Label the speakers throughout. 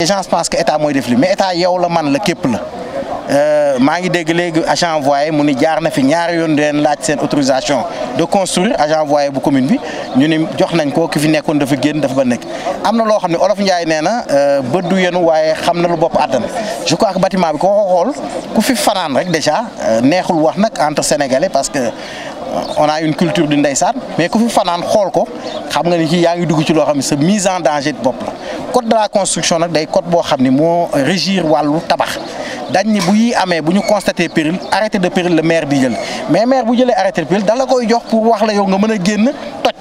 Speaker 1: les gens pensent que état mooy def li mais état yow la man la képp Euh, maa ngi dégg léegi agent envoyé mu ne jaar na fi ñaari yoon di laaj seen autorisation de construire agent envoyé bu commune bi ñu ni jox nañ ko ki fi nekkoon dafa génn dafa ba nekk. am na loo xam ne olof Ndiaye nee na euh, bët du yenu waaye xam na lu bopp àttan je crois que bâtiment bi ko xool ku fi fanaan rek déjà euh, neexul wax nag entre sénégalais parce que. on a une culture du ndeysaan mais ku fi fanaan xool ko xam nga ni kii yaa ngi dugg ci loo xam ne sa mise en danger bopp la code de la construction nag day boo xam ne moo régir wàllu tabax dañ bu yi amee bu ñu constaté péril arrêté de péril le maire bi jël mais maire bu jëlee arrêté de péril da koy jox pour wax la yow nga mën a génn toj.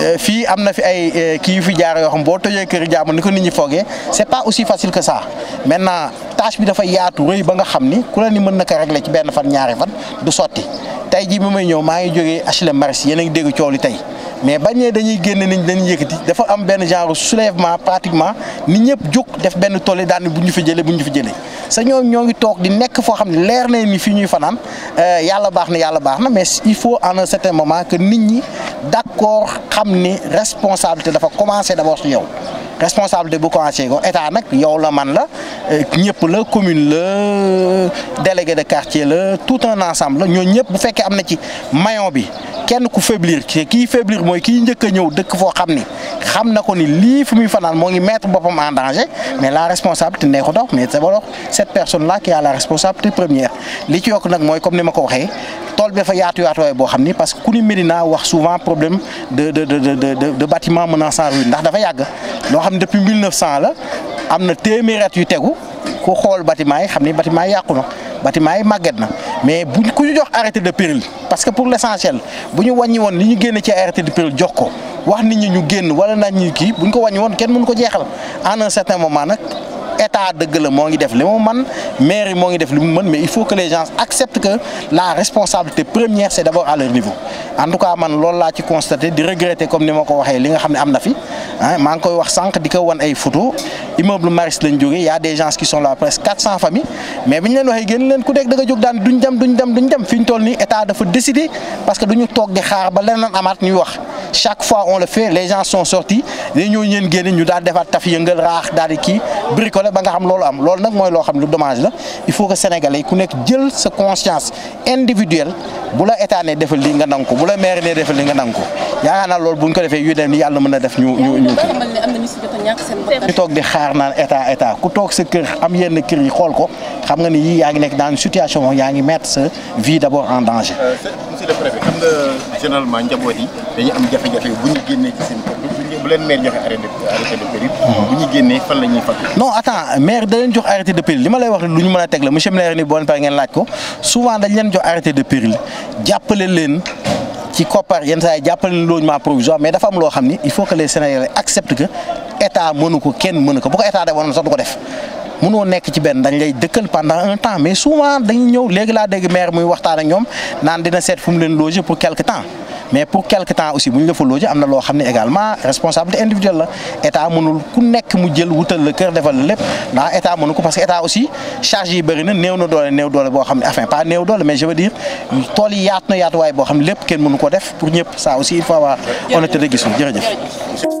Speaker 1: Euh, fii am na fi ay euh, kii yu fi jaar yoo xam boo tojee kër jàmm ni ko nit ñi foogee c'est pas aussi facile que ça maintenant tâche bi dafa yaatu rëy ba nga xam ni ku la ni mën na ko régler ci benn fan ñaari fan du sotti tey jii bi may ñëw maa ngi jógee HLM Maristes yéen a ngi dégg coow li tey. mais bañ ne dañuy génne niñ dañuy yëkkati dafa am benn genre soulèvement pratiquement nit ñëpp jóg def benn tolle daan bu ñu fi jëlee bu ñu fi jëlee sa ñoom ñoo ngi toog di nekk foo xam ne leer na ni fi ñuy fanaan euh, yàlla baax na yàlla baax na mais il faut en un certain moment que nit ñi d'accord xam ni responsabilité dafa commencer d'abord su yow responsabilité bu commencer ko état nag yow la man la ñëpp la commune la délégué de quartier la tout un ensemble la ñooñu ñëpp bu fekkee am na ci maillon bi kenn ku faiblir ci kii faiblir mooy kii njëkk ñëw dëkk foo xam ni xam na ko ni lii fu muy fanaan moo ngi mettre boppam en mais la responsabilité nee ko dox mais d'abord cette personne là qui a la responsabilité première li ci yokk nag mooy comme ni ma ko waxee tool bi dafa yaatu yaatu waaye boo xam ni parce que ku ni Médina wax souvent problème de de de de de bâtiment menaçant ruine dafa yàgg la. am na téeméer at yu tegu ku xool bâtiment yi xam ni bâtiment yi yàqu na bâtiment yi màgget na mais buñ ku ñu jox arrêté de péril parce que pour l' essentiel bu ñu wàññi woon li ñu génne ci arrêté de péril jox ko wax nit ñi ñu génn wala nañ ñu kii buñ ko wàññi woon kenn mënu ko jeexal en un certain moment nag. état dëgg la moo ngi def li mu mën mairie moo ngi def li mu mën mais il faut que les gens acceptent que la responsabilité première c'est d'abord à leur niveau en man loolu laa ci constaté di regretter comme ni ma ko waxee li nga xam ne am na fi ah koy wax sànq di wan ay photo immeuble Maris lañ jógee y des gens qui sont là presque 400 familles mais bi ñu leen waxee génn leen ku nekk da nga daan duñ dem duñ dem fi ñu toll chaque fois on le fait les gens sont sortis dañoo ñeen génne ñu daal defaat taf yëngal raax daal di kii bricolé ba nga xam loolu am lool nag mooy loo xam lu domage la il faut que sénégalais ku nekk jël sa conscience individuelle bu la état ne defal lii nga nangu ko bu la maire ne defal lii nga nangu ko yaakaar naa loolu bu ñu ko defee yu dem ni yàlla mën a def ñu ñu ñu ñu toog di xaar naan état état ku toog sa kër am yenn kër yi xool ko xam nga ni yii yaa ngi nekk dans situation yaa ngi mettre sa vie d'abord en danger. Euh, leen maire joxe arrêté de péril. Hmm. bu ñu génnee fan la ñuy fàttali. non attends maire da jox arrêté de péril li ma lay wax lu ñu mën a teg la monsieur maire ni bon par ngeen laaj ko souvent dañ leen jox arrêté de péril jàppale leen. ci koppar yenn saa yi jàppale leen logement provisoire mais dafa am loo xam ni il faut que les Sénégalais acceptent que état mënu ko kenn mënu ko bu ko état defoon sax du ko def munoo nekk ci benn dañ lay dëkkal pendant un temps mais souvent dañ ñëw léegi la dégg maire muy waxtaan ak ñoom naan dina seet fu leen loger pour quelque temps mais pour quelque temps aussi bu am na loo xam ne également responsabilité individuelle la état mënul ku nekk mu jël wutal la kër defal la lépp ndax état mënu ko parce que état aussi charge yi bëri na doole néew doole boo xam ne enfin pas néew doole mais je veux dire tool yi yaatu na yaatuwaay boo xam ne lépp kenn mënu ko def pour ñëpp ça aussi il faut avoir honnêteté de gis jërëjëf